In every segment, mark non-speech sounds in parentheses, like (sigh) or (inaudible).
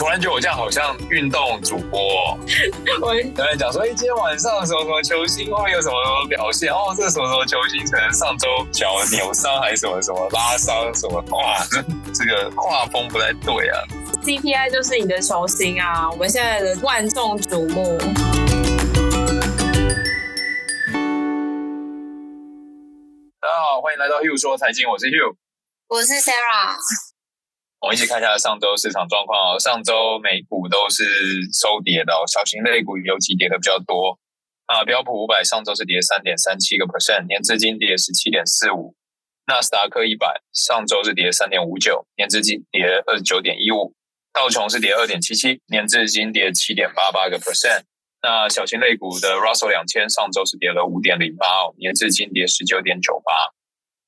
突然覺得我這樣好像運動主播、喔 (laughs) 對對，我原來講說，哎、欸，今天晚上什麼什麼球星會有什麼什麼、什麼表現？哦，這個什麼什麼球星可能上周腳扭傷還是什麼什麼拉傷？什麼、什麼、什麼，哇呵呵，這個畫風不太對啊！CPI 就是你的球星啊，我們現在的萬眾矚目。大家好，歡迎來到 Hugh 說財經，我是 Hugh，我是 Sarah。我們一起看一下上周市場狀況哦。上周美股都是收跌的哦，小型類股尤其跌的比較多。啊，標普五百上周是跌三點三七個 percent，年至今跌十七點四五。納斯達克一百上周是跌三點五九，年至今跌二十九點一五。道瓊是跌二點七七，年至今跌七點八八個 percent。那小型類股的 Russell 兩千上周是跌了五點零八哦，年至今跌十九點九八。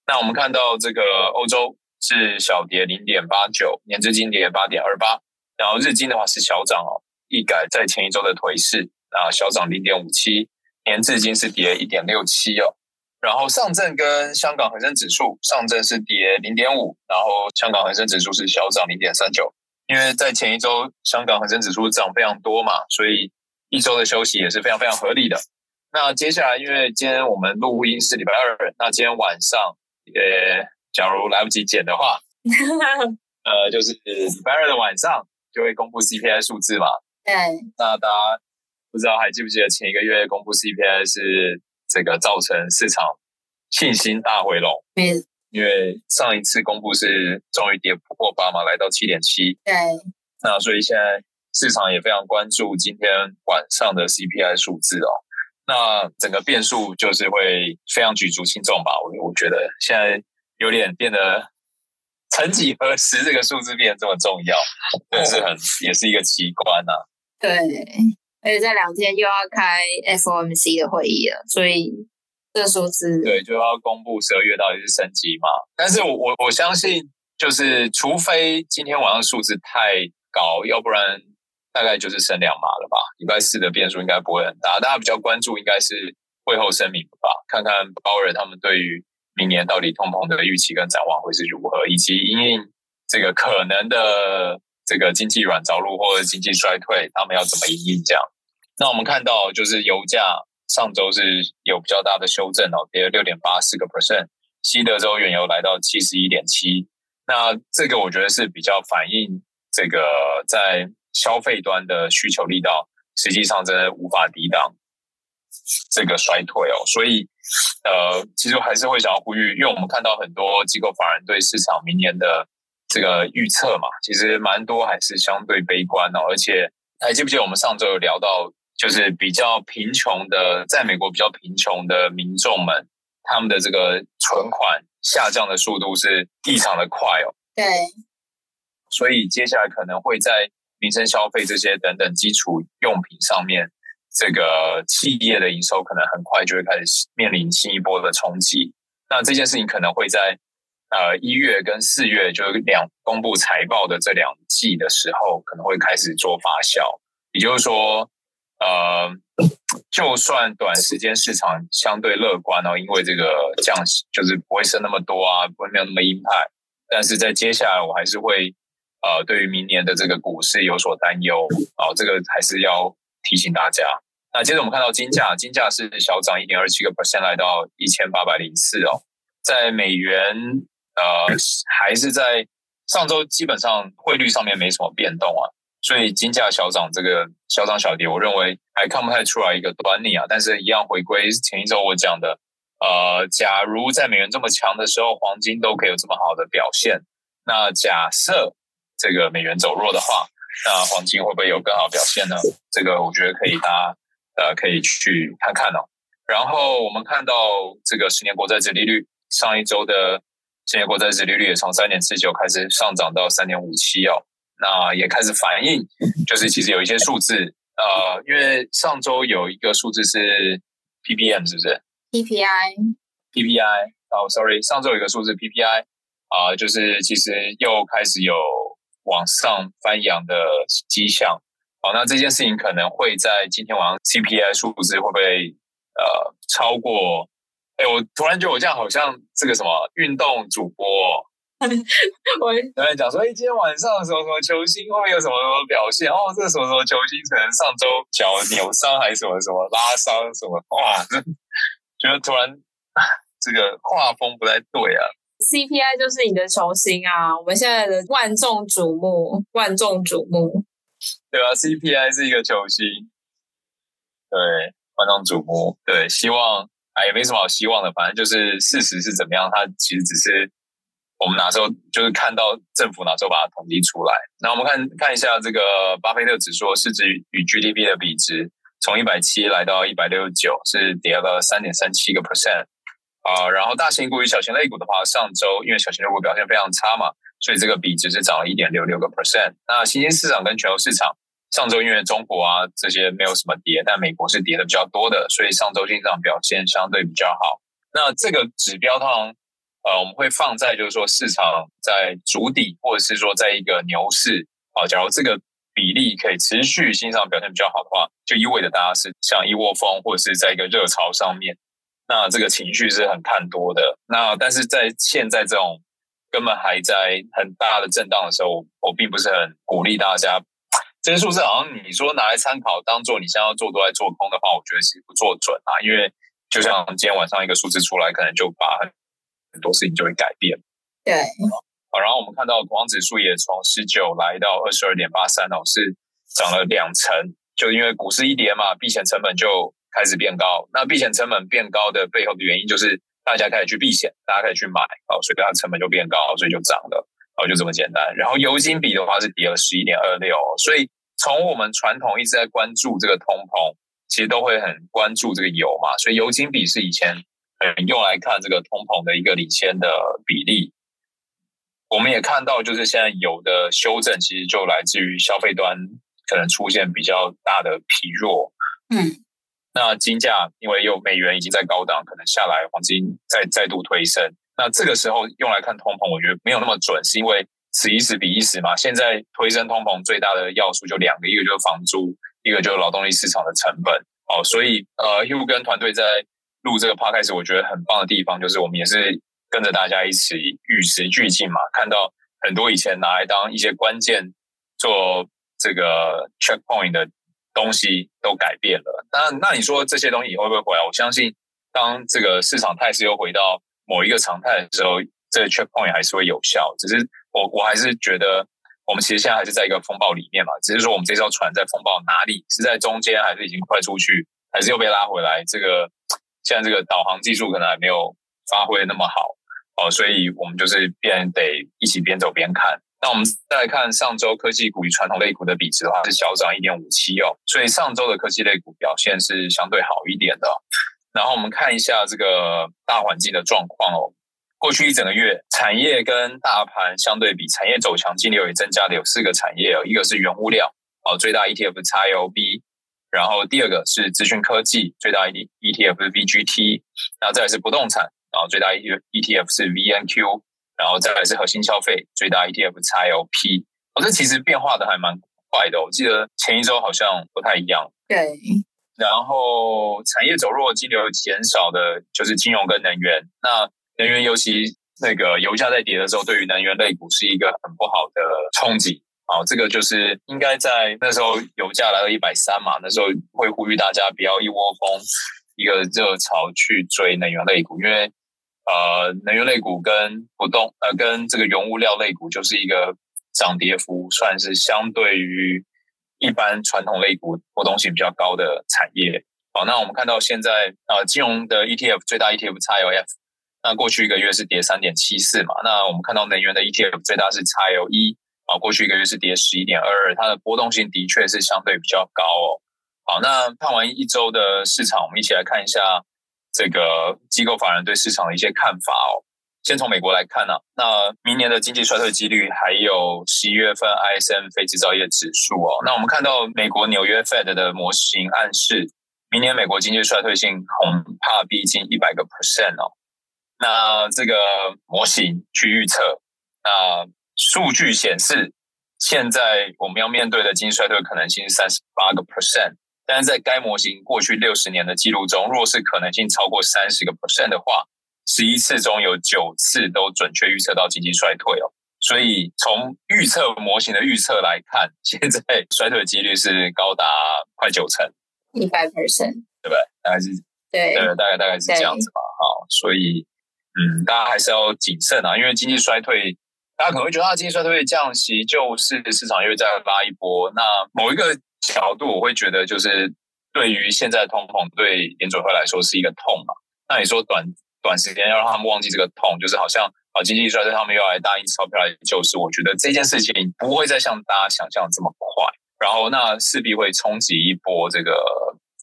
那我們看到這個歐洲。是小跌零點八九，年至今跌八點二八，然後日經的話是小漲哦，一改在前一周的頹勢，然後小漲零點五七，年至今是跌一點六七哦。然後上證跟香港恆生指數，上證是跌零點五，然後香港恆生指數是小漲零點三九，因為在前一周香港恆生指數漲非常多嘛，所以一周的休息也是非常非常合理的。那接下來因為今天我們錄音是禮拜二，那今天晚上也。假如來不及剪的話， (laughs) 呃，就是禮拜二的晚上就會公布 CPI 數字嘛。對。那大家不知道還記不記得前一個月公布 CPI 是這個造成市場信心大回籠？對。因為上一次公布是終於跌破八嘛，來到七點七。對。那所以現在市場也非常關注今天晚上的 CPI 數字哦。那整個變數就是會非常舉足輕重吧？我我覺得現在。有點變得，曾幾何時，這個數字變得這麼重要，也、嗯就是很也是一個奇觀吶、啊。對，而且這兩天又要開 FOMC 的會議了，所以這數字對就要公布十二月到底是升息嗎？但是我我我相信，就是除非今天晚上數字太高，要不然大概就是升兩碼了吧。禮拜四的變數應該不會很大，大家比較關注應該是會後聲明吧，看看鮑爾他們對於。明年到底通膨的預期跟展望會是如何，以及因應這個可能的這個經濟軟着陸或者經濟衰退，他們要怎麼因應？這樣，那我們看到就是油價上周是有比較大的修正哦，跌了六點八四個 percent，西德州原油來到七十一點七，那這個我覺得是比較反映這個在消費端的需求力道，實際上真的無法抵擋這個衰退哦，所以。呃，其實還是會想要呼籲，因為我們看到很多機構法人對市場明年的這個預測嘛，其實蠻多還是相對悲觀哦。而且還記不記得我們上周有聊到，就是比較貧窮的，在美國比較貧窮的民眾們，他們的這個存款下降的速度是異常的快哦。對，所以接下來可能會在民生消費這些等等基礎用品上面。這個企業的營收可能很快就會開始面臨新一波的衝擊，那這件事情可能會在呃一月跟四月，就兩公布財報的這兩季的時候，可能會開始做發酵。也就是說，呃，就算短時間市場相對樂觀哦，因為這個降息就是不會升那麼多啊，不會沒有那麼鷹派，但是在接下來我還是會呃對於明年的這個股市有所擔憂啊，哦，這個還是要。提醒大家，那接着我們看到金價，金價是小漲一點二七個 percent，來到一千八百零四哦。在美元呃，還是在上周基本上匯率上面沒什麼變動啊，所以金價小漲這個小漲小跌，我認為還看不太出來一個端倪啊。但是一樣回歸前一周我講的，呃，假如在美元這麼強的時候，黃金都可以有這麼好的表現，那假設這個美元走弱的話，那黃金會不會有更好表現呢？這個我覺得可以，大家呃可以去看看哦。然後我們看到這個十年國債殖利率，上一周的十年國債殖利率也從三點四九開始上漲到三點五七哦，那也開始反映，就是其實有一些數字，呃，因為上周有一個數字是 P P M 是不是？P P I、P P I 哦、oh，sorry，上周有一個數字 P P I 啊、呃，就是其實又開始有。往上翻揚的跡象，好、哦，那這件事情可能會在今天晚上 CPI 數字會不會呃超過？哎、欸，我突然覺得我這樣好像這個什麼運動主播，我突然講說，哎、欸，今天晚上什麼什麼球星會不會有什麼什麼表現？哦，這什麼什麼球星可能上周腳扭傷還是什麼什麼拉傷什麼？哇，覺得突然這個畫風不太對啊。CPI 就是你的球星啊，我們現在的萬眾矚目，萬眾矚目。對啊，CPI 是一個球星，對，萬眾矚目。對，希望，哎，也沒什麼好希望的，反正就是事實是怎麼樣。它其實只是我們哪時候就是看到政府哪時候把它統計出來。那我們看看一下這個巴菲特指數，是市值與 GDP 的比值，從一百七來到一百六十九，是跌了三點三七個 percent。啊，然後大型股與小型類股的話，上周因為小型類股表現非常差嘛，所以這個比值是漲了一點六六個 percent。那新興市場跟全球市場上周因為中國啊這些沒有什麼跌，但美國是跌的比較多的，所以上周新興市場表現相對比較好。那這個指標通常呃我們會放在就是說市場在築底或者是說在一個牛市啊，假如這個比例可以持續新興市場表現比較好的話，就意味着大家是像一窩蜂或者是在一個熱潮上面。那這個情緒是很看多的，那但是在現在這種根本還在很大的震盪的時候，我並不是很鼓勵大家這些數字好像你說拿來參考。當做你現在要做多來做空的話，我覺得是不做準啊，因為就像今天晚上一個數字出來，可能就把很多事情就會改變。對，好，然後我們看到光指數也從十九來到二十二點八三哦，是漲了兩成，就因為股市一跌嘛，避險成本就開始變高，那避險成本變高的背後的原因就是大家開始去避險，大家開始去買，哦，所以它的成本就變高，所以就漲了，哦，就這麼簡單。然後油金比的話是跌了十一點二六，所以從我們傳統一直在關注這個通膨，其實都會很關注這個油嘛，所以油金比是以前很用來看這個通膨的一個領先的比例。我們也看到，就是現在油的修正其實就來自於消費端可能出現比較大的疲弱，嗯。那金價因為又美元已經在高檔，可能下來黃金再再度推升。那這個時候用來看通膨，我覺得沒有那麼準，是因為此一時彼一時嘛。現在推升通膨最大的要素就兩個，一個就是房租，一個就是勞動力市場的成本。哦，所以呃 Hugh 跟團隊在錄這個 part 開始我覺得很棒的地方就是我們也是跟着大家一起與時俱進嘛，看到很多以前拿來當一些關鍵做這個 checkpoint 的。東西都改變了，那那你說這些東西以後會不會回來？我相信，當這個市場態勢又回到某一個常態的時候，這個 checkpoint 還是會有效。只是我我還是覺得，我們其實現在還是在一個風暴裡面嘛。只是說，我們這艘船在風暴哪裡？是在中間，還是已經快出去，還是又被拉回來？這個現在這個導航技術可能還沒有發揮那麼好哦、呃，所以我們就是邊得一起邊走邊看。那我們再來看上周科技股與傳統類股的比值的話，是小漲一點五七哦。所以上周的科技類股表現是相對好一點的。然後我們看一下這個大環境的狀況哦。過去一整個月，產業跟大盤相對比，產業走強，今年也增加了有四個產業，哦，一個是原物料，最大 ETF 是 XLB；然後第二個是資訊科技，最大 ETF 是 VGT；那再來是不動產，然後最大 ETF 是 VNQ。然後再來是核心消費最大 ETF XLP，哦，這其實變化的還蠻快的。我記得前一周好像不太一樣。對。然後產業走弱，資金流減少的就是金融跟能源。那能源尤其那個油價在跌的時候，對於能源類股是一個很不好的衝擊。啊、哦，這個就是應該在那時候油價來到一百三嘛，那時候會呼籲大家不要一窩蜂，一個熱潮去追能源類股，因為。呃，能源類股跟不動，呃，跟這個原物料類股就是一個漲跌幅算是相對於一般傳統類股波動性比較高的產業。好，那我們看到現在呃，金融的 ETF 最大 ETF XLF，那過去一個月是跌三點七四嘛？那我們看到能源的 ETF 最大是 XLE 啊，過去一個月是跌十一點二二，它的波動性的確是相對比較高哦。好，那看完一週的市場，我們一起來看一下。這個機構法人對市場的一些看法哦，先從美國來看呢、啊，那明年的經濟衰退幾率還有十一月份 ISM 非製造業指數哦，那我們看到美國紐約 Fed 的模型暗示，明年美國經濟衰退性恐怕逼近一百個 percent 哦，那這個模型去預測、啊，那數據顯示，現在我們要面對的經濟衰退可能性是三十八個 percent。但在該模型過去六十年的記錄中，若是可能性超過三十個 percent 的話，十一次中有九次都準確預測到經濟衰退哦。所以從預測模型的預測來看，現在衰退的幾率是高達快九成，一百 percent，對不對？大概是對，對，對，對，對，大概大概是這樣子吧。好，所以嗯，大家還是要謹慎啊，因為經濟衰退，大家可能會覺得經濟衰退降息就是市場又在拉一波，那某一個。角度我會覺得，就是對於現在的通膨，對聯準會來說是一個痛嘛。那你說短短時間要讓他們忘記這個痛，就是好像啊，經濟衰退他們又來大印鈔票來救市。我覺得這件事情不會再像大家想象這麼快，然後那勢必會衝擊一波這個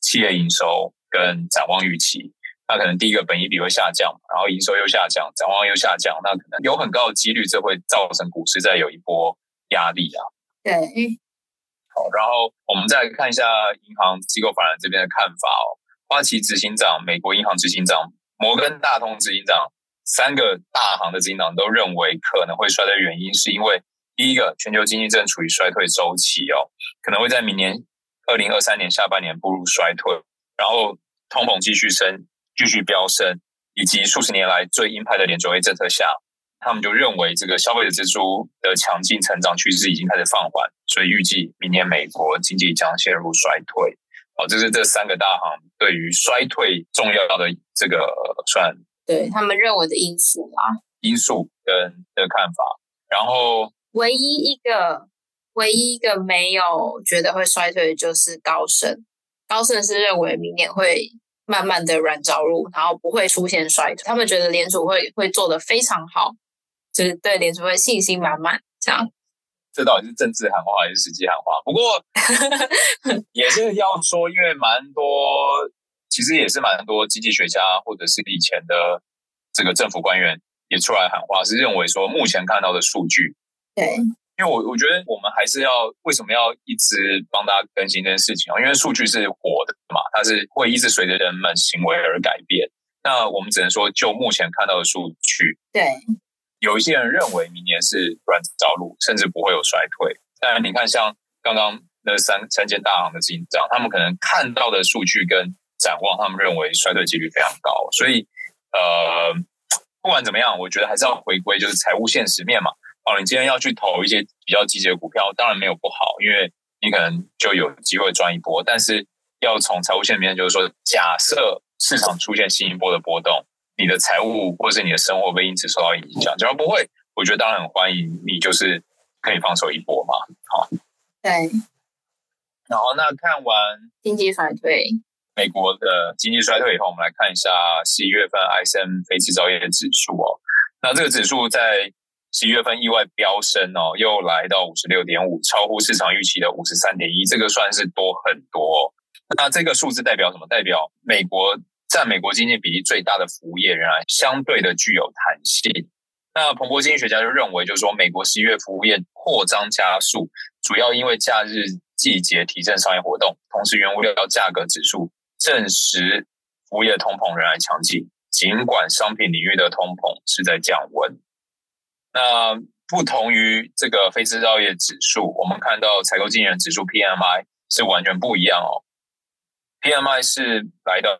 企業營收跟展望預期。那可能第一個本益比會下降，然後營收又下降，展望又下降，那可能有很高的幾率這會造成股市再有一波壓力啊。對。然後我們再看一下銀行機構法人這邊的看法哦。花旗執行長、美國銀行執行長、摩根大通執行長三個大行的執行長都認為，可能會衰退的原因是因為第一個，全球經濟正處於衰退週期哦，可能會在明年二零二三年下半年步入衰退，然後通膨繼續升、繼續飆升，以及數十年來最鷹派的聯準會政策下。他們就認為，這個消費者支出的強勁成長趨勢已經開始放緩，所以預計明年美國經濟將陷入衰退。好、哦，這是這三個大行對於衰退重要的這個算對他們認為的因素啊，因素跟的看法。然後，唯一一個唯一一個沒有覺得會衰退的就是高盛，高盛是認為明年會慢慢的軟着陸，然後不會出現衰退。他們覺得聯儲會會做得非常好。就是對聯準會十分信心滿滿，這樣。這到底是政治喊話還是實際喊話？不過 (laughs) 也是要說，因為蠻多，其實也是蠻多經濟學家或者是以前的這個政府官員也出來喊話，是認為說目前看到的數據。對，因為我我覺得我們還是要，為什麼要一直幫大家更新這件事情，因為數據是活的嘛，它是會一直隨着人們行為而改變。那我們只能說，就目前看到的數據，對。有一些人認為明年是軟着陸，甚至不會有衰退。當然你看，像剛剛那三三間大行的行長，他們可能看到的數據跟展望，他們認為衰退幾率非常高。所以，呃，不管怎麼樣，我覺得還是要回歸就是財務現實面嘛。哦，你今天要去投一些比較積極的股票，當然沒有不好，因為你可能就有機會賺一波。但是，要從財務現實面，就是說，假設市場出現新一波的波動。你的財務或是你的生活會因此受到影響？假如不會，我覺得當然很歡迎你，就是可以放手一搏嘛。好，對。然後，那看完經濟衰退，美國的經濟衰退以後，我們來看一下十一月份 ISM 非製造業指數哦。那這個指數在十一月份意外飆升哦，又來到五十六點五，超乎市場預期的五十三點一，這個算是多很多。那這個數字代表什麼？代表美國。佔美國經濟比例最大的服務業仍然相對的具有彈性。那彭博經濟學家就認為，就是說美國十一月服務業擴張加速，主要因為假日季節提振商業活動，同時原物料價格指數證實服務業通膨仍然強勁，儘管商品領域的通膨是在降溫。那不同於這個非製造業指數，我們看到採購經理人指數 P M I 是完全不一樣哦。P M I 是來到，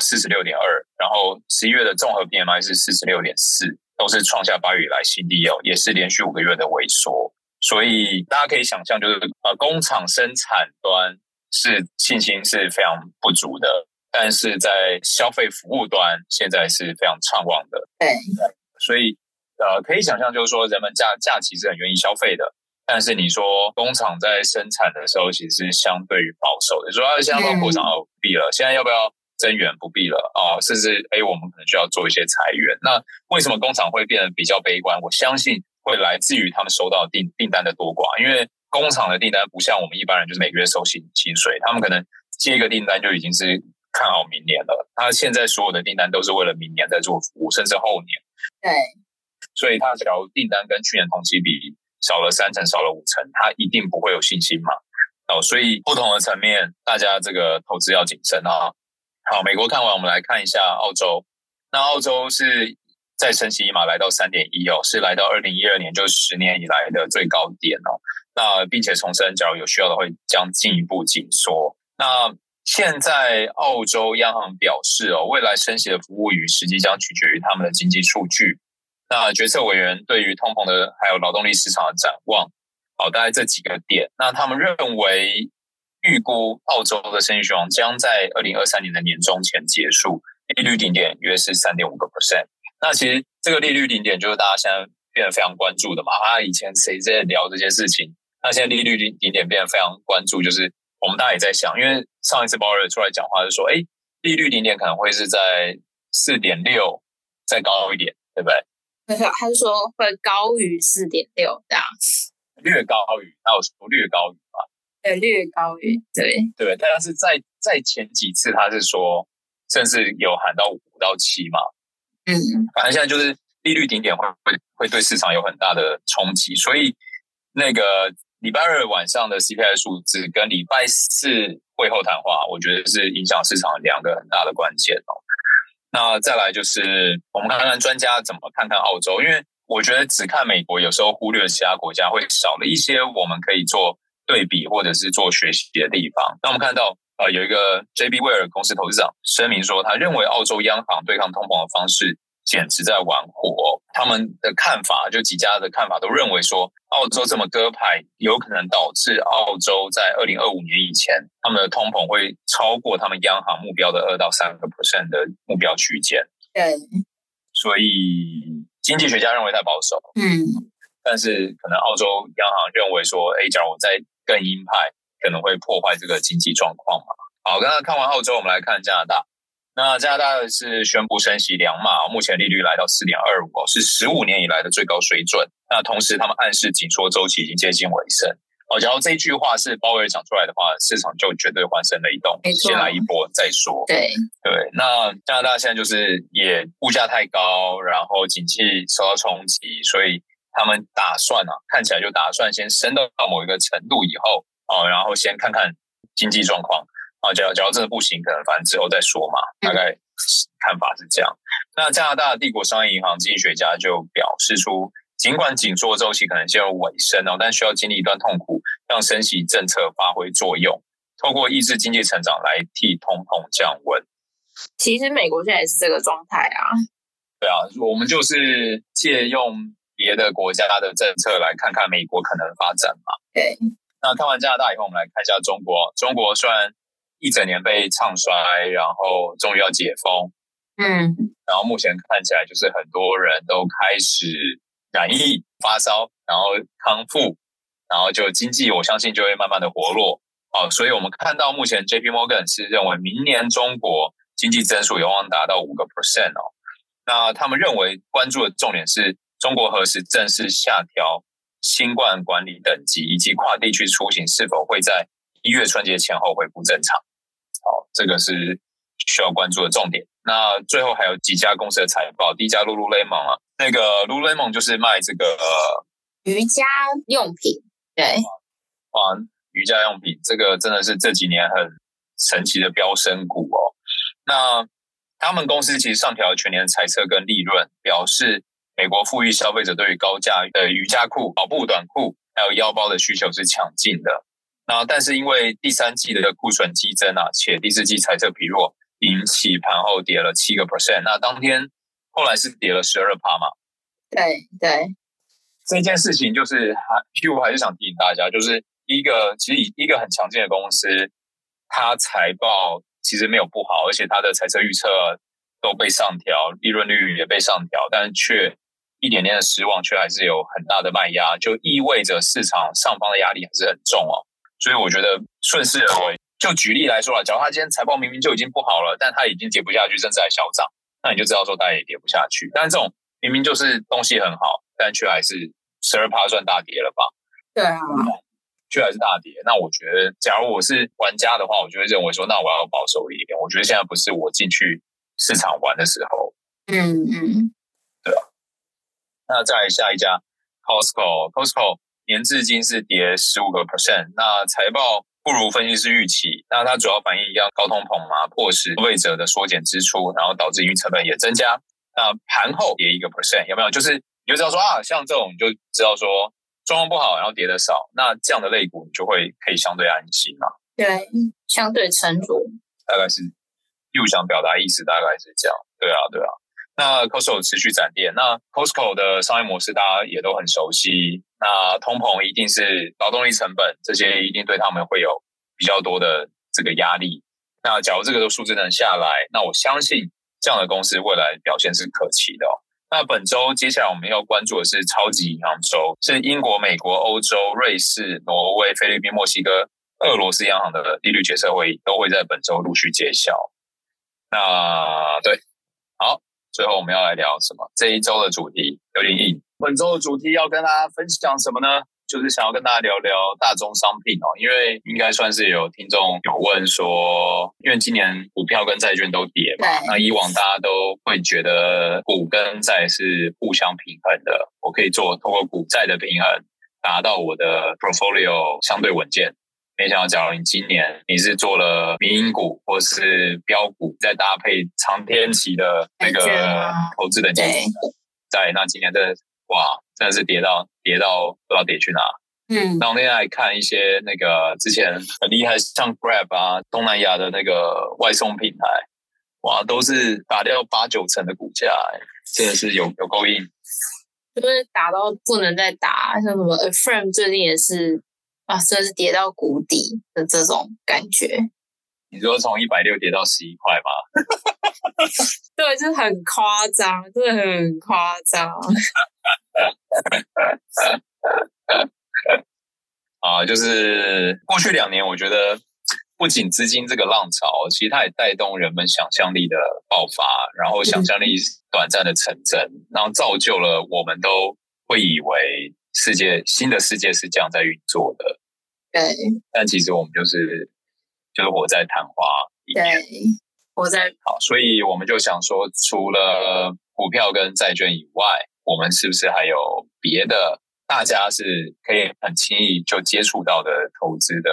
四十六點二，然後十一月的綜合 P M I 是四十六點四，都是創下八月以來新低哦，也是連續五個月的萎縮。所以大家可以想象，就是呃，工廠生產端是信心是非常不足的，但是在消費服務端現在是非常暢旺的。對、嗯，所以呃，可以想象就是說，人們假假期是很願意消費的，但是你說工廠在生產的時候，其實是相對於保守的。主要現在工廠幣了，現在要不要？增援不必了啊，甚至誒我們可能需要做一些裁員。那為什麼工廠會變得比較悲觀？我相信會來自於他們收到訂訂單的多寡。因為工廠的訂單不像我們一般人，就是每個月收薪薪水，他們可能接一個訂單就已經是看好明年了。他現在所有的訂單都是為了明年在做服務，甚至後年。對，所以他假如訂單跟去年同期比少了三成，少了五成，他一定不會有信心嘛？哦，所以不同的層面，大家這個投資要謹慎啊。好，美國看完，我們來看一下澳洲。那澳洲是在升息一碼，來到三點一哦，是來到二零一二年，就十年以來的最高點哦。那並且重申，假如有需要的會將進一步緊縮。那現在澳洲央行表示哦，未來升息的服務與實際將取決於他們的經濟數據。那決策委員對於通膨的還有勞動力市場的展望，好，大概這幾個點。那他們認為。預估澳洲的升息潮將在二零二三年的年終前結束，利率頂點約是三點五個 percent。那其實這個利率頂點就是大家現在變得非常關注的嘛。啊，以前誰在聊這件事情？那現在利率頂頂點變得非常關注，就是我們大家也在想，因為上一次鮑爾出來講話就說，哎、欸，利率頂點可能會是在四點六再高一點，對不對？不是，他是說會高於四點六，這樣子，略高於，那我說略高於。略高於對對，但是在在前幾次，他是說甚至有喊到五到七嘛，嗯，反正現在就是利率頂點會會會對市場有很大的衝擊，所以那個禮拜二晚上的 CPI 數字跟禮拜四會後談話，我覺得是影響市場兩個很大的關鍵哦。那再來就是我們看看專家怎麼看看澳洲，因為我覺得只看美國有時候忽略了其他國家，會少了一些我們可以做對比或者是做學習的地方。那我們看到，呃，有一個 JB 威爾公司投資長聲明說，他認為澳洲央行對抗通膨的方式簡直在玩火。他們的看法，就幾家的看法都認為說，澳洲這麼割牌，有可能導致澳洲在二零二五年以前，他們的通膨會超過他們央行目標的二到三個 percent 的目標區間。對，所以經濟學家認為太保守。嗯，但是可能澳洲央行認為說，哎，假如我在更鷹派可能會破壞這個經濟狀況嘛？好，剛剛看完後之後我們來看加拿大。那加拿大是宣布升息兩碼，目前利率來到四點二五，是十五年以來的最高水準。那同時，他們暗示緊縮周期已經接近尾聲。好，假如這句話是鮑威爾講出來的話，市場就絕對歡聲雷動，先來一波再說。對對，那加拿大現在就是也物價太高，然後景氣受到衝擊，所以。他們打算啊，看起來就打算先升到某一個程度以後哦，然後先看看經濟狀況啊，假如假如真的不行，可能反正之後再說嘛。大概看法是這樣。嗯、那加拿大的帝國商業銀行經濟學家就表示出，儘管緊縮週期可能就有尾聲哦，但需要經歷一段痛苦，讓升息政策發揮作用，透過抑制經濟成長來替通膨降溫。其實美國現在也是這個狀態啊。對啊，我們就是借用。別的國家的政策，來看看美國可能的發展嘛？對，okay。那看完加拿大以後，我們來看一下中國。中國雖然一整年被唱衰，然後終於要解封，嗯，然後目前看起來就是很多人都開始染疫、發燒，然後康復，然後就經濟，我相信就會慢慢的活絡。啊，所以我們看到目前 JP Morgan 是認為明年中國經濟增速有望達到五個 percent 哦。那他們認為關注的重點是。中國何時正式下調新冠管理等級，以及跨地區出行是否會在一月春節前後恢復正常？好，這個是需要關注的重點。那最後還有幾家公司的財報，第一家 Lululemon 啊，那個 Lululemon 就是賣這個瑜伽用品，對，啊，瑜伽用品這個真的是這幾年很神奇的飆升股哦。那他們公司其實上調了全年的財測跟利潤，表示。美國富裕消費者對於高價的瑜伽褲、跑步短褲還有腰包的需求是強勁的。那但是因為第三季的庫存激增啊，且第四季財測疲弱，引起盤後跌了七個 percent。那當天後來是跌了十二趴嘛？對對，這件事情就是 Hugh 還是想提醒大家，就是一個其實一個很強勁的公司，它財報其實沒有不好，而且它的財測預測都被上調，利潤率也被上調，但卻。一點點的失望，卻還是有很大的賣壓，就意味着市場上方的壓力還是很重哦。所以我覺得順勢而為。就舉例來說啦，假如他今天財報明明就已經不好了，但他已經跌不下去，甚至還小漲，那你就知道說，大家也跌不下去。但這種明明就是東西很好，但卻還是十二趴算大跌了吧？對啊、嗯，卻還是大跌。那我覺得，假如我是玩家的話，我就會認為說，那我要保守一點。我覺得現在不是我進去市場玩的時候。嗯嗯。那再來下一家，Costco、Costco Costco 年至今是跌十五個 percent。那財報不如分析師預期，那它主要反映一樣高通膨嘛，迫使消費者的縮減支出，然後導致營運成本也增加。那盤後跌一個 percent，有沒有？就是你就知道說啊，像這種你就知道說狀況不好，然後跌的少，那這樣的類股，你就會可以相對安心嘛？對，相對沉着。大概是又想表達意思，大概是這樣。對啊，對啊。那 Costco 持續展店。那 Costco 的商業模式大家也都很熟悉。那通膨一定是勞動力成本，這些一定對他們會有比較多的這個壓力。那假如這個都數字能下來，那我相信這樣的公司未來表現是可期的。哦。那本周接下來我們要關注的是超級央行周，是英國、美國、歐洲、瑞士、挪威、菲律賓、墨西哥、俄羅斯央行的利率決策會議都會在本周陸續揭曉。那對，好。最後我們要來聊什麼？這一周的主題有點硬。本周的主題要跟大家分享什麼呢？就是想要跟大家聊聊大宗商品哦，因為應該算是有聽眾有問說，因為今年股票跟債券都跌嘛，那以往大家都會覺得股跟債是互相平衡的，我可以做透過股債的平衡達到我的 portfolio 相對穩健。沒想到，假如你今年你是做了民營股或是飆股，再搭配長天期的那個投資的基金、哎，在那今年真的哇，真的是跌到跌到不知道跌去哪。嗯，那我們現在看一些那個之前很厲害、嗯，像 Grab 啊，東南亞的那個外送品牌，哇，都是打掉八九成的股價，真的是有有夠硬，就 (laughs) 是打到不能再打，像什麼 Affirm 最近也是。啊，真的是跌到谷底的這種感覺。你說從一百六跌到十一塊嗎？ (laughs) (laughs) 對，就是很誇張，真的很誇張。 (laughs) (laughs) 啊，就是過去兩年，我覺得不僅資金這個浪潮，其實它也帶動人們想象力的爆發，然後想象力短暫的成真，然後造就了我們都會以為。世界，新的世界是這樣在運作的，對。但其實我們就是就是活在曇花裡面，對，我活在，好。所以我們就想說，除了股票跟債券以外，我們是不是還有別的？大家是可以很輕易就接觸到的投資的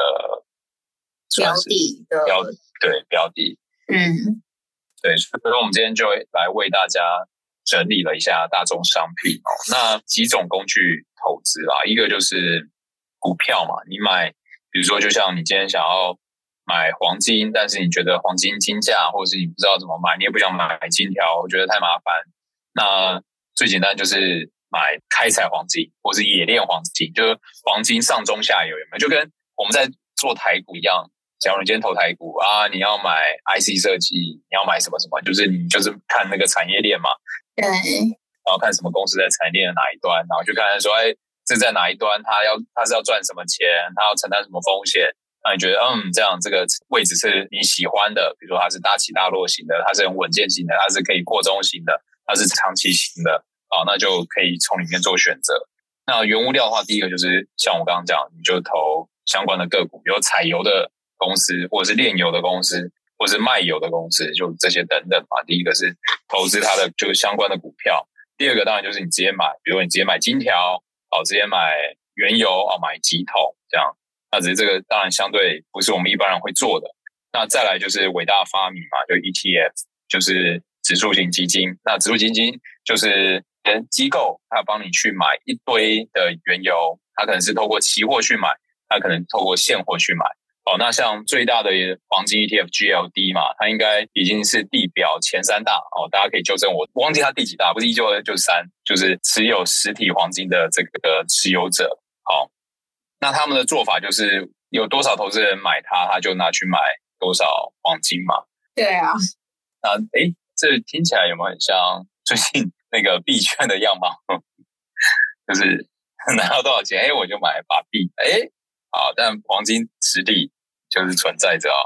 標的，標的，對，標的，嗯，對。所以，我們今天就來為大家整理了一下大宗商品哦，那幾種工具。投資啊，一個就是股票嘛。你買，比如說，就像你今天想要買黃金，但是你覺得黃金金價，或者是你不知道怎麼買，你也不想買金條，我覺得太麻煩。那最簡單就是買開採黃金，或是冶煉黃金，就是黃金上中下游有沒有？就跟我們在做台股一樣，假如你今天投台股啊，你要買 IC 設計，你要買什麼什麼，就是你就是看那個產業鏈嘛。對。然後看什麼公司在產業鏈的哪一端，然後去看看說，哎，這在哪一端？他要他是要賺什麼錢？他要承擔什麼風險？那你覺得，嗯，這樣這個位置是你喜歡的？比如說，它是大起大落型的，它是很穩健型的，它是可以過中型的，它是長期型的啊、哦？那就可以從裡面做選擇。那原物料的話，第一個就是像我剛剛講，你就投相關的個股，有採油的公司，或者是煉油的公司，或者是賣油的公司，就這些等等嘛。第一個是投資它的，就是相關的股票。第二個當然就是你直接買，比如說你直接買金條哦，直接買原油哦，買幾桶這樣。那只是這個當然相對不是我們一般人會做的。那再來就是偉大發明嘛，就 ETF，就是指數型基金。那指數基金就是，跟機構它幫你去買一堆的原油，它可能是透過期貨去買，它可能透過現貨去買。好，那像最大的黃金 ETF GLD 嘛，它應該已經是地表前三大哦。大家可以糾正我，我忘記它第幾大，不是一就二就三，就是持有實體黃金的這個持有者。好，那他們的做法就是有多少投資人買它，他就拿去買多少黃金嘛。對啊。那，誒，這聽起來有沒有很像最近那個幣圈的樣貌？ (laughs) 就是拿到多少錢，誒，我就買把幣，誒。好，但黃金實力。就是存在着啊，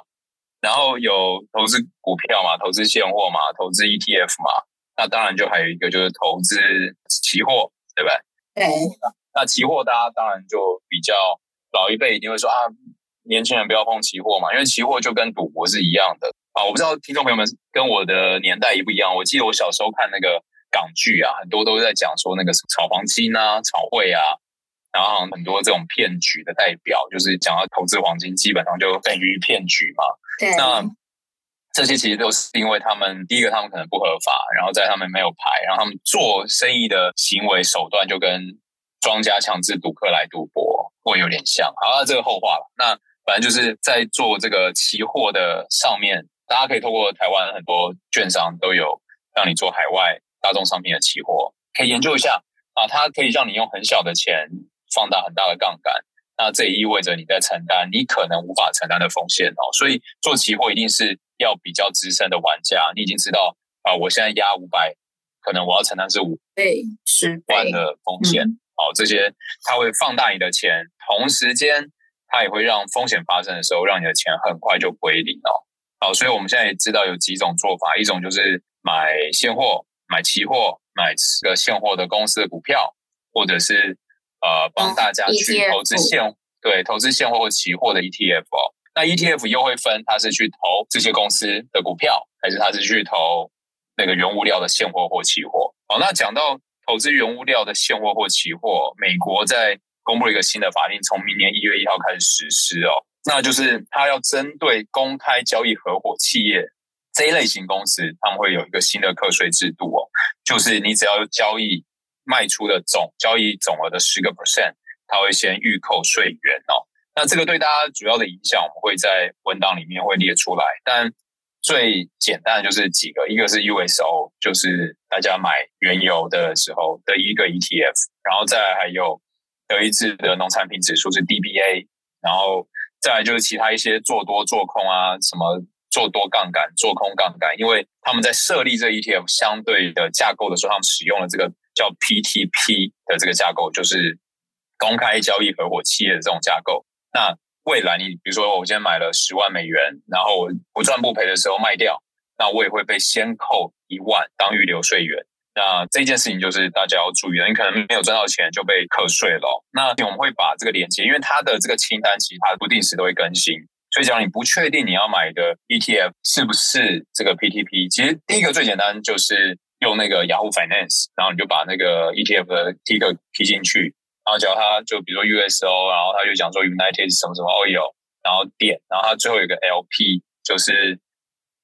然後有投資股票嘛，投資現貨嘛，投資 ETF 嘛，那當然就還有一個就是投資期貨，對不對？嗯。那期貨大家當然就比較老一輩一定會說啊，年輕人不要碰期貨嘛，因為期貨就跟賭博是一樣的啊。我不知道聽眾朋友們跟我的年代一不一樣，我記得我小時候看那個港劇啊，很多都是在講說那個炒黃金啊，炒匯啊。然後很多這種騙局的代表，就是講到投資黃金，基本上就等於騙局嘛，對。那這些其實都是因為他們第一個，他們可能不合法，然後在他們沒有牌，然後他們做生意的行為手段就跟莊家強制賭客來賭博會有點像。好了，那這個後話了。那反正就是在做這個期貨的上面，大家可以透過台灣很多券商都有讓你做海外大宗商品的期貨，可以研究一下啊，它可以讓你用很小的錢。放大很大的槓桿，那這也意味着你在承擔你可能無法承擔的風險哦。所以做期貨一定是要比較資深的玩家。你已經知道啊、呃，我現在壓五百，可能我要承擔是五倍、十倍的風險。好、嗯哦，這些它會放大你的錢，同時間它也會讓風險發生的時候，讓你的錢很快就歸零哦。好、哦，所以我們現在也知道有幾種做法，一種就是買現貨、買期貨、買個現貨的公司的股票，或者是、嗯。呃，幫大家去投資現，嗯，投資現嗯，對，投資現貨或期貨的 ETF 哦。那 ETF 又會分，它是去投這些公司的股票，還是它是去投那個原物料的現貨或期貨？哦，那講到投資原物料的現貨或期貨，美國在公布了一個新的法令，從明年一月一號開始實施哦。那就是它要針對公開交易合夥夥企業這一類型公司，他們會有一個新的課稅制度哦。就是你只要交易。賣出的總交易總額的十個 percent，他會先預扣稅源哦。那這個對大家主要的影響，我們會在文檔裡面會列出來。但最簡單的就是幾個，一個是 USO，就是大家買原油的時候的一個 ETF，然後再來還有德意志的農產品指數是 DBA，然後再來就是其他一些做多做空啊，什麼做多槓桿、做空槓桿，因為他們在設立這 ETF 相對的架構的時候，他們使用了這個。叫 PTP 的這個架構，就是公開交易合夥企業的這種架構。那未來你比如說，我今天買了十萬美元，然後我不賺不賠的時候賣掉，那我也會被先扣一萬當預留稅源。那這件事情就是大家要注意了，你可能沒有賺到錢就被課稅了。那我們會把這個連結，因為它的這個清單其實它不定時都會更新，所以只要你不確定你要買的 ETF 是不是這個 PTP，其實第一個最簡單就是。用那個 Yahoo Finance，然後你就把那個 ETF 的 Ticker 貼進去，然後叫他就比如說 USO，然後他就講說 United 什麼什麼 oil 然後點，然後它最後有一個 LP，就是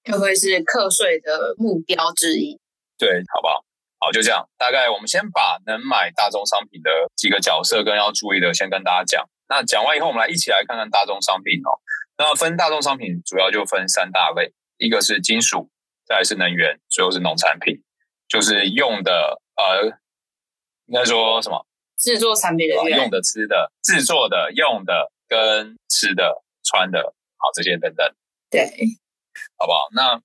就會是課稅的目標之一。對，好不好？好，就這樣。大概我們先把能買大宗商品的幾個角色跟要注意的，先跟大家講。那講完以後，我們來一起來看看大宗商品哦。那分大宗商品主要就分三大類，一個是金屬，再來是能源，最後是農產品。就是用的，呃，應該說什麼？製作產品的、啊、用的、吃的、製作的、用的跟吃的、穿的，好這些等等。對，好不好？那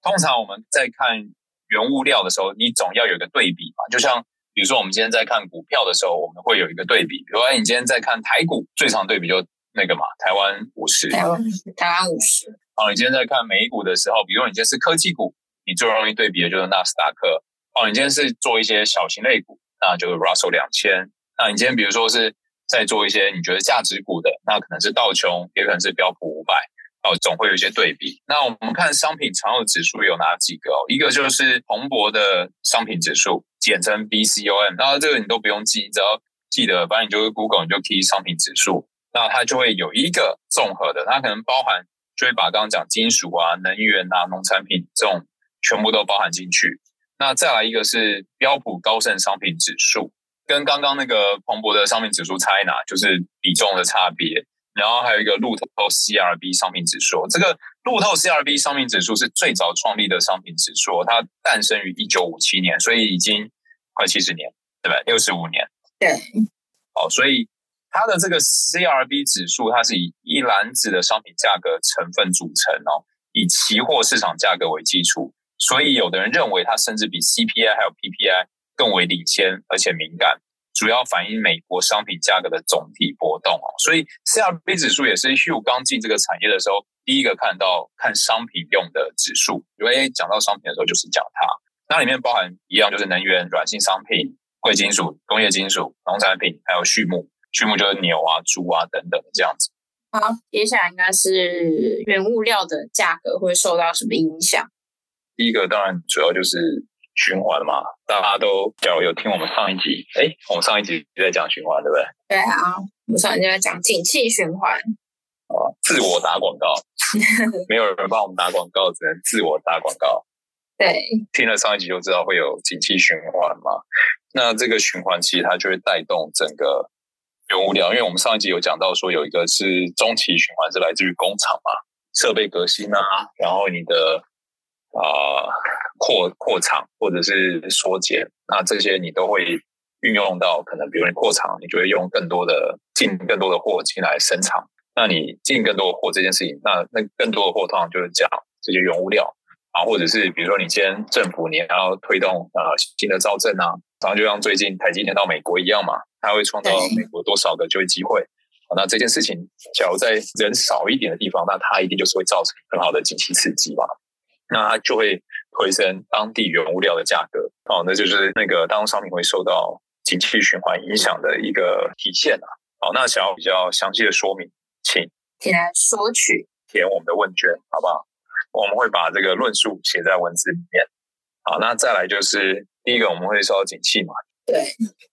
通常我們在看原物料的時候，你總要有一個對比嘛。就像，比如說，我們今天在看股票的時候，我們會有一個對比。比如說，你今天在看台股，最常對比就那個嘛，台灣五十。台灣五十。好，你今天在看美股的時候，比如說你今天是科技股。最容易對比的就是納斯達克哦。你今天是做一些小型類股，那就是 Russell 兩千，那你今天比如說是在做一些你覺得價值股的，那可能是道瓊，也可能是標普五百哦，總會有一些對比。那我們看商品常用指數有哪幾個哦？一個就是彭博的商品指數，簡稱 BCOM。那這個你都不用記，只要記得，反正你就是 Google，你就 key 商品指數，那它就會有一個綜合的，它可能包含就會把剛剛講金屬啊、能源啊、農產品這種。全部都包含進去。那再來一個是標普高盛商品指數，跟剛剛那個彭博的商品指數差哪？China, 就是比重的差別。然後還有一個路透 CRB 商品指數，這個路透 CRB 商品指數是最早創立的商品指數，它誕生於一九五七年，所以已經快七十年，對吧？六十五年。對。好，哦，所以它的這個 CRB 指數，它是以一籃子的商品價格成分組成哦，以期貨市場價格為基礎。所以，有的人認為它甚至比 CPI 還有 PPI 更為領先，而且敏感，主要反映美國商品價格的總體波動哦。所以 CRB 指數也是 Hugh 剛進這個產業的時候第一個看到看商品，用的指數。因為講到商品的時候，就是講它，那裡面包含一樣就是能源、軟性商品、貴金屬、工業金屬、農產品，還有畜牧。畜牧就是牛啊、豬啊等等這樣子。好，接下來應該是原物料的價格會受到什麼影響？第一個當然主要就是循環嘛，大家都假如有聽我們上一集，哎，我們上一集也在講循環對不對？對啊，上一集在講景氣循環。哦，自我打廣告， (laughs) 沒有人幫我們打廣告，只能自我打廣告。對，聽了上一集就知道會有景氣循環嘛。那這個循環其實它就會帶動整個原物料，因為我們上一集有講到說有一個是中期循環，是來自於工廠嘛，設備革新啊，然後你的。啊、呃，擴擴廠或者是縮減，那這些你都會運用到。可能比如說你擴廠，你就會用更多的進更多的貨進來生產。那你進更多的貨這件事情，那那更多的貨通常就是講這些原物料啊，或者是比如說你今天政府你還要推動啊、呃、新的造證啊，然後就像最近台積電到美國一樣嘛，它會創造美國多少個就業機會、啊。那這件事情，假如在人少一點的地方，那它一定就是會造成很好的經濟刺激嘛。那它就會回升當地原物料的價格哦，那就是那個大宗商品會受到景氣循環影響的一個體現啦、啊。好、哦，那想要比較詳細的說明，請請來索取填我們的問卷好不好？我們會把這個論述寫在文字裡面。好，那再來就是第一個，我們會受到景氣嘛？對。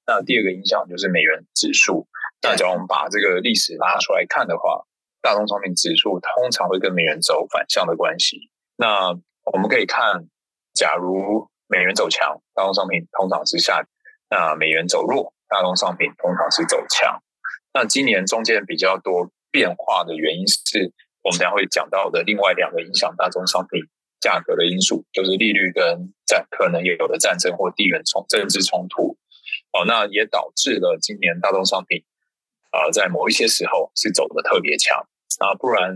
那第二個影響就是美元指數。那只要我們把這個歷史拉出來看的話，大宗商品指數通常會跟美元走反向的關係。那我們可以看，假如美元走強，大宗商品通常是下跌，那美元走弱，大宗商品通常是走強。那今年中間比較多變化的原因，是我們將會講到的另外兩個影響大宗商品價格的因素，就是利率跟戰，可能也有的戰爭或地緣衝、政治衝突。哦，那也導致了今年大宗商品啊、呃，在某一些時候是走得特別強啊，不然。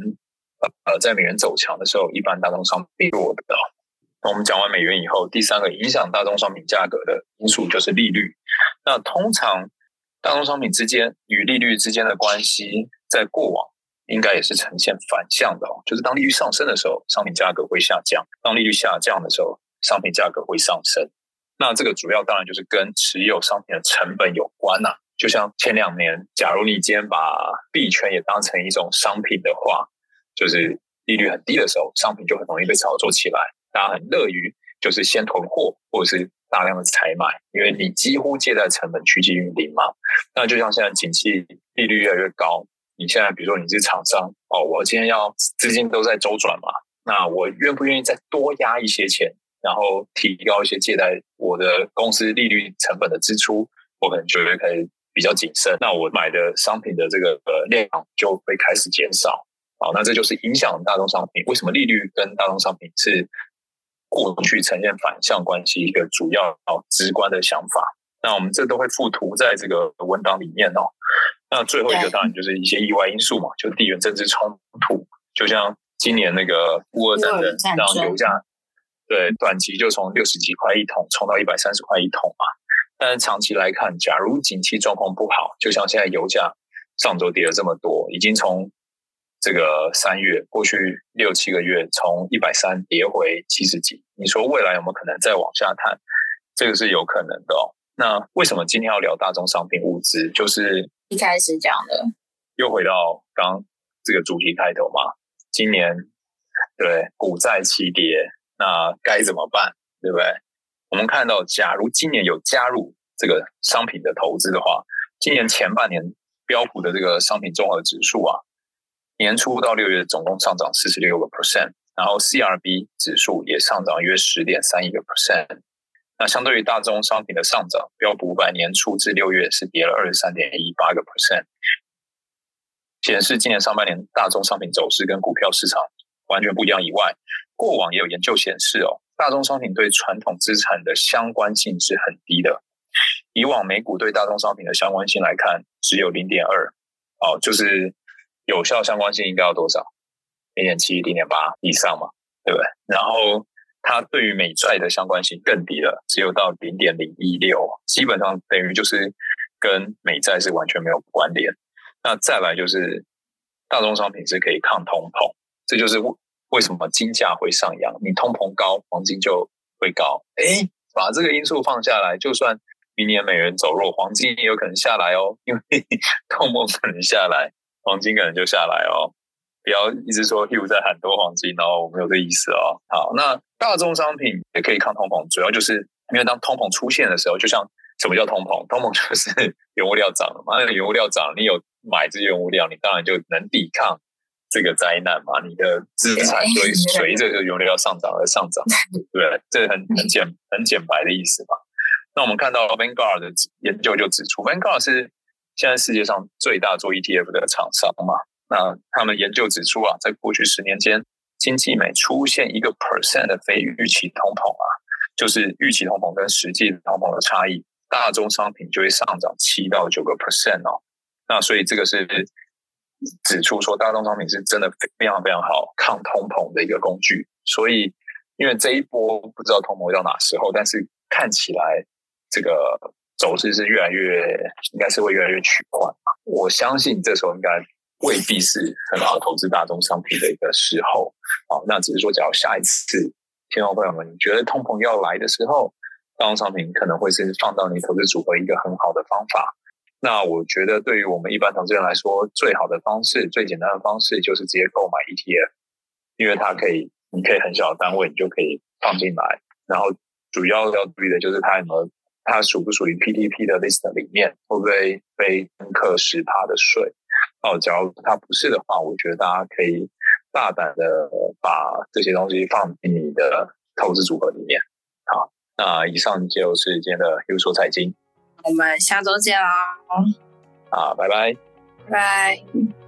呃，在美元走強的時候，一般大宗商品並不多的、哦。那我們講完美元以後，第三個影響大宗商品價格的因素就是利率。那通常大宗商品之間與利率之間的關係，在過往應該也是呈現反向的哦，就是當利率上升的時候，商品價格會下降；當利率下降的時候，商品價格會上升。那這個主要當然就是跟持有商品的成本有關吶、啊。就像前兩年，假如你今天把幣圈也當成一種商品的話。就是利率很低的時候，商品就很容易被炒作起來，大家很樂於就是先囤貨或者是大量的採買，因為你幾乎借貸成本趨近於零嘛。那就像現在景氣利率越來越高，你現在比如說你是廠商哦，我今天要資金都在周轉嘛，那我願不願意再多壓一些錢，然後提高一些借貸我的公司利率成本的支出，我可能就會開始比較謹慎。那我買的商品的這個呃量就會開始減少。好，那這就是影響大宗商品。為什麼利率跟大宗商品是過去呈現反向關係一個主要直觀的想法？那我們這都會附圖在這個文檔裡面哦。那最後一個當然就是一些意外因素嘛，就地緣政治衝突，就像今年那個烏俄戰爭讓油價對短期就從六十幾塊一桶衝到一百三十塊一桶嘛。但是長期來看，假如景氣狀況不好，就像現在油價上周跌了這麼多，已經從這個三月過去六七個月，從一百三跌回七十幾。你說未來有沒有可能再往下探？這個是有可能的哦。那為什麼今天要聊大宗商品物資？就是一開始講的，又回到剛剛這個主題開頭嘛。今年對對股債齊跌，那該怎麼辦？對不對？我們看到，假如今年有加入這個商品的投資的話，今年前半年標普的這個商品綜合指數啊，年初到六月總共上漲四十六個 percent，然後 CRB 指數也上漲約十點三一個 percent。那相對於大宗商品的上漲，標普五百年初至六月是跌了二十三點一八個 percent，顯示今年上半年大宗商品走勢跟股票市場完全不一樣以外，過往也有研究顯示哦，大宗商品對傳統資產的相關性是很低的。以往美股對大宗商品的相關性來看，只有零點二哦，就是。有效相關性應該要多少？零點七、零點八以上嘛，對不對？然後它對於美債的相關性更低了，只有到零點零一六，基本上等於就是跟美債是完全沒有關聯。那再來就是，大宗商品是可以抗通膨，這就是為為什麼金價會上揚。你通膨高，黃金就會高。哎，把這個因素放下來，就算明年美元走弱，黃金也有可能下來哦，因為通膨可能下來。黃金可能就下來哦，不要一直說 Hugh 在喊多黃金、哦”，然後我沒有這個意思哦。好，那大宗商品也可以抗通膨，主要就是因為當通膨出現的時候，就像什麼叫通膨？通膨就是原物料漲了嘛。那個、原物料漲，你有買這些原物料，你當然就能抵抗這個災難嘛。你的資產就隨着原物料要上漲而，yeah, yeah. 上漲，對不對？這很很簡很簡白的意思嘛。那我們看到 Vanguard 的研究就指出，Vanguard 是。現在世界上最大做 ETF 的廠商嘛，那他們研究指出啊，在過去十年間，經濟每出現一個 percent 的非預期通膨啊，就是預期通膨跟實際通膨的差異，大宗商品就會上漲七到九個 percent 哦。那所以這個是指出說，大宗商品是真的非常非常好抗通膨的一個工具。所以，因為這一波不知道通膨到哪時候，但是看起來這個。走勢是越來越，應該是會越來越趨緩嘛。我相信這時候應該未必是很好的投資大宗商品的一個時候。好，那只是說，假如下一次，聽眾朋友們，你覺得通膨要來的時候，大宗商品可能會是放到你投資組合一個很好的方法。那我覺得對於我們一般投資人來說，最好的方式、最簡單的方式就是直接購買 ETF，因為它可以，你可以很小的單位，你就可以放進來。然後主要要注意的就是它有沒有。它屬不屬於 PTP 的 list 裡面，會不會被徵課十趴的稅？哦，只要它不是的話，我覺得大家可以大膽的把這些東西放進你的投資組合裡面。好，那以上就是今天的 Hugh 說財經，我們下週見嘍、哦！好，啊，拜拜，拜拜。